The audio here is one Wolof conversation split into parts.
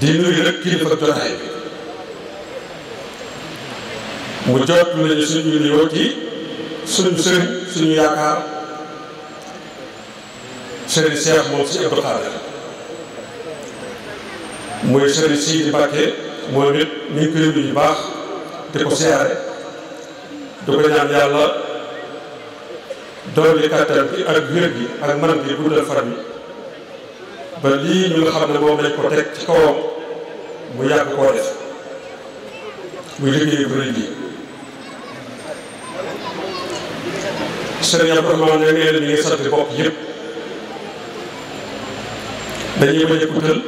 di nuyu rek kilifa jotaay bi mu jot nañu suñu nuyoo ci suñu sëriñ suñu yaakaar sëriñ Cheikh moom si Abdou Khadir muy sëriñ Sidi Mbacké moom it ñu ngi koy baax di ko siyaare di ko ñaan yàlla dolli kattan bi ak wér gi ak man gi guddal fan bi ba lii ñu nga xam ne moom lañ ko teg ci kawam mu yàgg koo def muy liggéey bu rëy bi sëriñ Abdourahmane ne nee na ñu ngi sant bopp yëpp dañuy bañ a guddal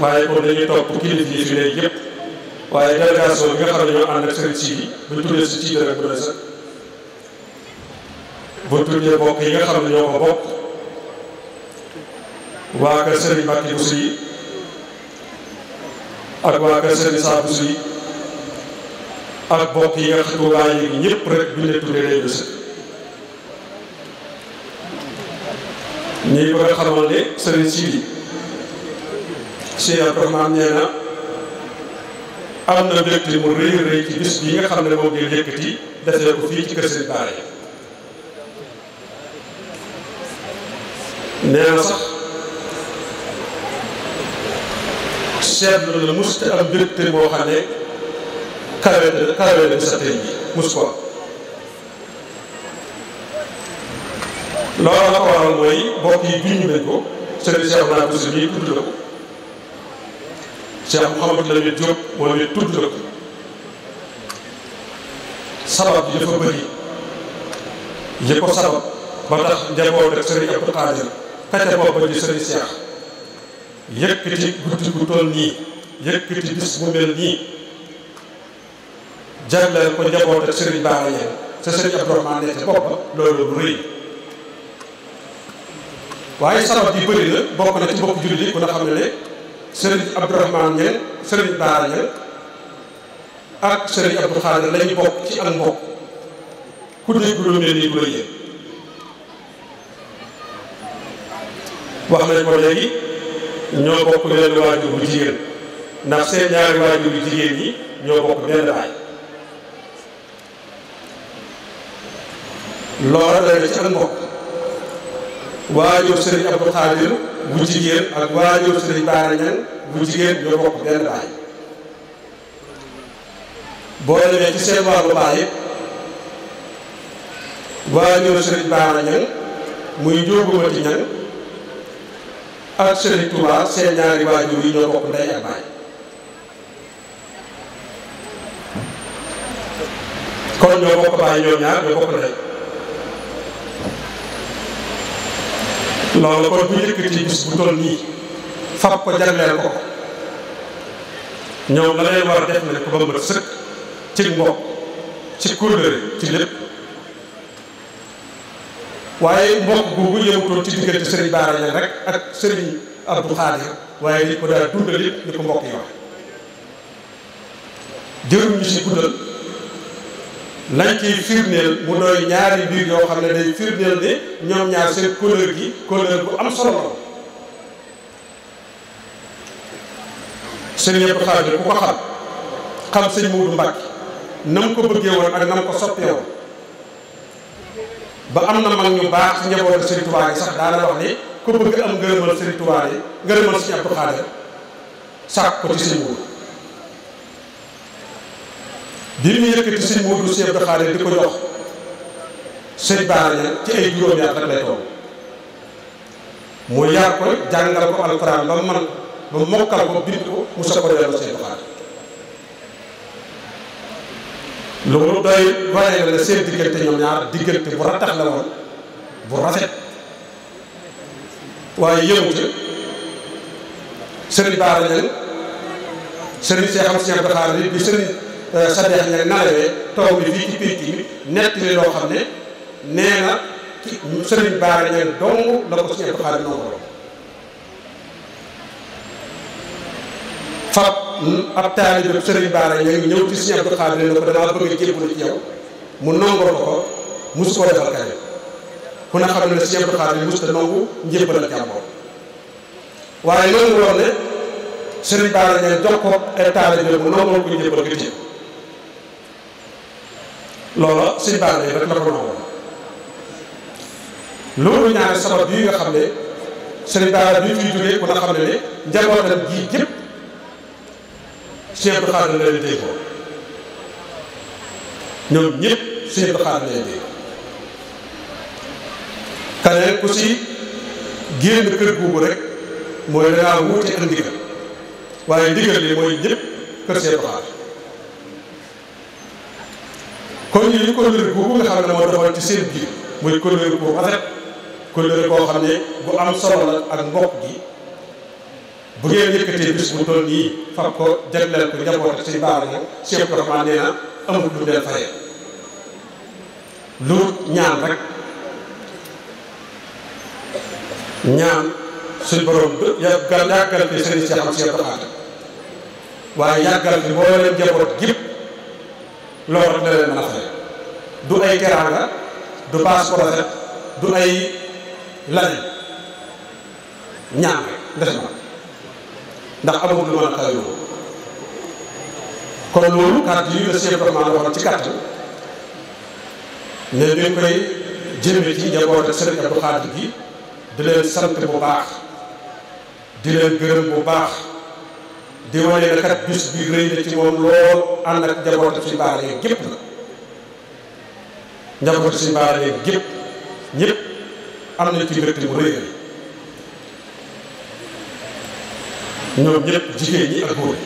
waaye kon dañuy topp kilifa yi fi ne yëpp waaye délégation bi nga xam ne ñoo ànd sëriñ si bi tuddee si ci rek bu ne sax buñ tuddee bokk yi nga xam ne ñoo ko bokk waa kër sëriñ Mbacke Bousso yi ak waa kër Serigne Saabou Sy ak bokk yi nga xam ne ñëpp rek bu ñu la tuddee day bés. ñuy bëgg a xamal ne Serigne Sidi Cheikh Abdourahmane nee na am na mbégte mu rëy rëy ci bis bi nga xam ne moom ngeen yëkkati defee ko fii ci kër Serigne Bara nee na sax. seetlu na la musta am directeur boo xam ne kawe na na sa tey ji mus ko loolu la ko waral mooy yi junj nañ ko sëriñ Cheikh Mouhamed Bousso bii tudd na ko Cheikh Mouhamed Lamine Diop moom it tudd na ko sabab yi dafa bëri yi ko sabab ba tax njaboot ak sëriñ Abdou Khadir kàcce boppam di sëriñ Cheikh. yëkkati guddi gu toll nii yëkkati bis bu mel nii jagleel ko njaboot ak sëriñ Baara yéen te sëriñ Abdourahmane nekk bopp loolu rëy waaye sabab yi bëri na bokk na ci mbokk jullit yi ku na xam ne ne sëriñ Abdourahmane ñeen sëriñ Baara ñeen ak sëriñ Abdou lañu bokk ci ak mbokk ku dégg lu mel nii du la yéen wax nañ ko léegi ñoo bokk benn waajur bu jigéen ndax seen ñaari waajur bu jigéen yi ñoo bokk benn baay loola dana ci ak mbokk waajur sëriñ Abdou Khadir bu jigéen ak waajur sëriñ Baara Ñang bu jigéen ñoo bokk benn baay boo demee ci seen wàllu baay it waajur sëriñ Baara Ñang muy njóobu ma ak Serigne Touba seen ñaari waajur yi ñoo bokk ndey ak baay kon ñoo bokk baay ñoom ñaar ñoo bokk ndey loolu kon bu yëkkati bis bu toll nii fab ko jagleel ko ñoom la leen war a ko ba mu sëkk ci mbokk ci kóllëre ci lépp waaye mbokk googu yëmutoon ci diggante sëriñ Baara Ñaŋ ak sëriñ Abdou Khadir waaye li ko daal dundal li ko mbokk yi jërum ñu si guddal lañ ciy firndeel mu doy ñaari biir yoo xam ne day firndeel ne ñoom ñaar seen couleur gi couleur bu am solo la sëriñ Abdou Khadir ku ko xam xam sëñ Muudu Mbàkke na mu ko bëggee woon ak na ko soppee woon ba am na mag ñu baax ci njabootu Serigne Touba yi sax daana wax ni ku bëgg am ngërëmal Serigne ngërëmal Serigne Abdou Khadir sàkk ko ci Serigne Modou bi mu yëkkati Serigne Modou Serigne Abdou Khadir di ko jox Serigne Bara ci ay juróomi at rek lay toog mu yar ko jàngal ko alxuraan ba man ba mokkal ko bind ko mu sa ko delloo lu mu doy wane la seen diggante ñoom ñaar diggante bu ratax la woon bu rafet waaye yëngu ca sëriñ Baara Ñaŋ sëriñ Seexam Seex bi bi sëriñ euh, Sadeex Ñaŋ nalawee toog bi fii ci pénc mi nett li loo xam ne nee na sëriñ Baara la ko Seex Baara bi nangoo fab ab taalibe sëriñ Baara ñooy ñëw ci Sëriñ Abdou Khadre ne ko damaa bëgg a jébbalu ci yow mu nangoo ko mosu ko defal kañ ku ne xam ne Sëriñ Abdou Khadre a ne mu nangoo ko njébbal ko ci loola ko loolu ñaari sabab yi nga xam ne sëriñ Baara bi ñu jógee ku ne xam ne ne njabootam ji yëpp. Cheikh Abdou Khadre la leen tey ko ñoom ñëpp Cheikh Abdou Khadre la leen tey keneen ku si génn kër googu rek mooy dangaa wuute ak ndigal kon ñu ñu kóllëre googu nga xam ne moo doxal ci seen biir muy kóllëre bu rafet kóllëre koo xam ne bu am solo la ak mbokk gi bu ngeen yëkkatee bis bu toll nii fab ko jagleel ko njaboot ak si baara yi Cheikh Rahman nee na amul lu leen fayee lu ñaan rek ñaan suñu borom yàggal fi sëriñ Cheikh ak Cheikh waaye yàggal fi boo leen njaboot gépp loolu rek la leen mën a du ay teraanga du baas prophète du ay lan ñaan rek def na ndax amaguñu mën a xayma kon loolu kàddu yi la Cheikh Ibrahima waxoon ci kàttan ne mi koy jëmee ci njaboot ak Serigne Abdou Khadre gi di leen sant bu baax di leen gërëm bu baax di wane ne kat bis bi rëy na ci moom lool ànd ak njaboot ak suñu baaree yëpp gépp la njaboot ak suñu baaree yëpp ñëpp am na ci mbégte bu rëy ñoom ñëpp jigéen ñi ak góor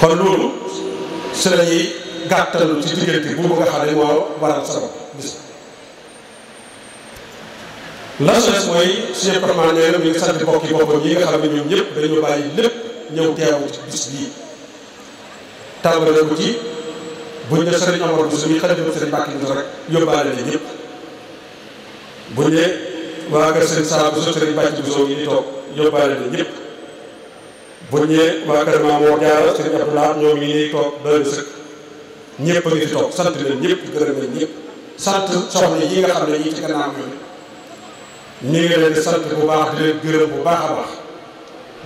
kon loolu su la ñuy gàttalu ci diggante bu nga xam ne moo waral sabab bis la sees mooy suñu parlement nee na mi bokki boppam yi nga xam ne ñoom ñëpp dañu bàyyi lépp ñëw teewu ci bis bii tàmbale ko ci buñ ne sëriñ Amar Bousso mi xarit Sëriñ Mbàkke Bousso rek yóbbaale la ñëpp buñ ne waa kër sëñ Saa Buso sëriñ Bàcc Buso ngi nii toog yóbbaale na ñëpp buñ ñëwee waa kër Maam Mor Jaara sëriñ nii toog doy sëkk ñëpp a ngi fi toog sant leen ñëpp gërëm leen ñëpp sant soxna yi nga xam ne yii ci gannaaw ñoom ñu ngi leen di sant bu baax di leen gërëm bu baax a baax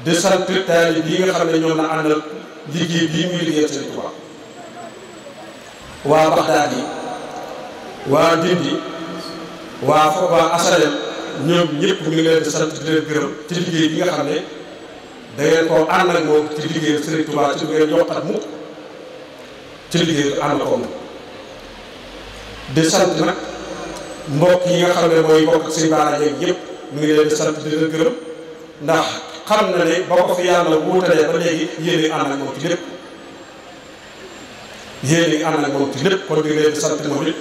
di sant taalib yi nga xam ne ñoom la àndal liggéey bii muy liggéeyal sëriñ Tuubaa waa Baxdaad yi waa Dindi waa Fo waa ñoom ñëpp mu ngi leen di sant di gërëm ci liggéey bi nga xam ne da ngeen koo ànd ak moom ci liggéey Serigne Touba ci ngeen yokkat mukk ci liggéey ànd nag yi nga xam ne mooy mbokk ak seen baara yeeg ndax xam na ne ba ko fi yàlla wuutalee ba léegi moom ci lépp yéen a ànd moom ci lépp kon ñu di sant moom it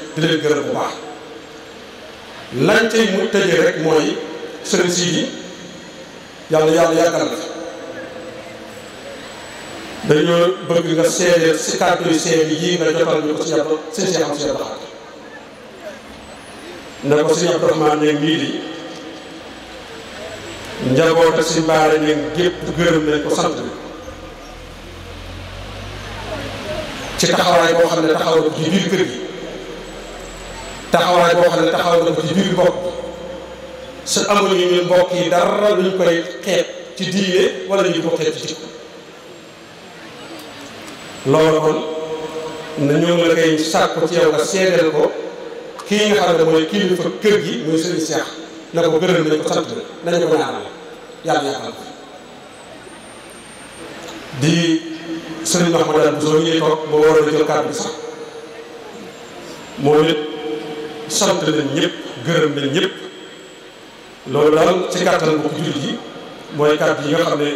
gërëm bu baax. lañ tey mu tëjee rek mooy sëriñ Sidi yàlla yàlla yaakaar na dañoo bëgg nga seedeel si kàddu yu seed yi nga jotal ñu ko si yàlla sëñ si am si yàlla ne ko sëñ Abdourahmane njaboot ak si mbaare ne gépp gërëm nañ ko sant bi ci taxawaay boo xam ne taxawaay ci kër gi taxawaay boo xam ne taxaw na ko ci biir bopp su amul ñu ñun mbokk yi dara luñ koy xeeb ci diine wala ñu ko xeeb ci jikko loolu kon na ñoo ngi la koy sàkku ci yow nga seedeel ko kii nga xam ne mooy kilifa kër gi muy Serigne Cheikh na ko gërëm nañ ko sant nañ ko ñaanal yàlla yàqal ko di Serigne Mahmoudane Bousso ñuy toog a jël bi sax moom it sant nañ ñëpp gërëm nañ ñëpp loolu daal ci kàttan bokk jullit yi mooy kàddu yi nga xam ne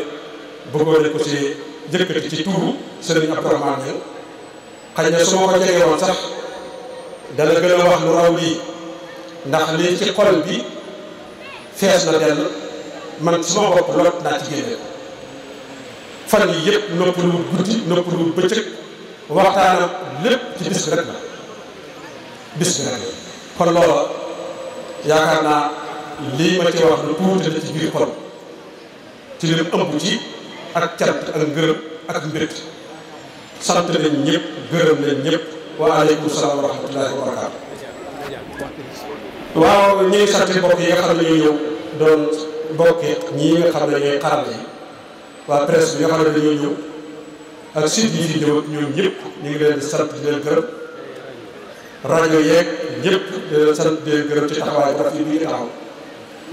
bëggoon na ko ci jëkkati ci tuuru Serigne Abdourahmane Niang xëy na su ma ko jege sax dana gën a wax lu raw lii ndax lii ci xol bi fees na dell man suma bopp lot naa ci génne fan yi yëpp noppaluwul guddi noppaluwul bëccëg waxtaanam lépp ci bis bi rek la bis bi rek la kon loola yaakaar naa lii ma ci wax lu tuuti la ci biir xol ci lim ëmb ci ak cant ak ngërëm ak mbét sant nañ ñëpp gërëm nañ ñëpp wa aleykum salaam wa wa barakaatu waaw ñu ngi sant mbokk yi nga xam ne ñooy ñëw doon mbokk ñii nga xam ne ñooy xaral yi waa presse bi nga xam dañoo ñëw ak site yi fi ñu ngi leen di sant di leen ñëpp sa leen sant di leen gërëm ci taxawaay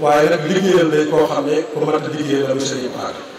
waaye nag liggéeyal day koo xam ne ku mat a liggéeyal la muy sëriñ Bara